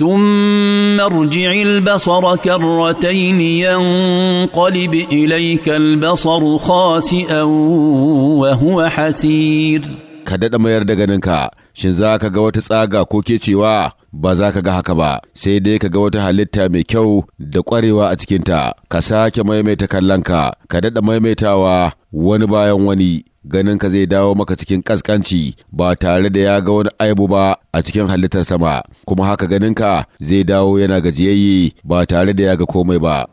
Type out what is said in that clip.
ثم ارجع البصر كرتين ينقلب اليك البصر خاسئا وهو حسير ka daɗa mayar da ganinka, shin za ka ga wata tsaga ko ke cewa ba za ka ga haka ba, sai dai ka ga wata halitta mai kyau da ƙwarewa a cikinta, ka sake maimaita kallonka, ka daɗa maimaitawa wani bayan wani. Ganinka zai dawo maka cikin ƙasƙanci ba tare da ya ga wani aibu ba a cikin halittar sama, kuma haka ganinka zai dawo yana gajiyayye ba tare da ya ga komai ba.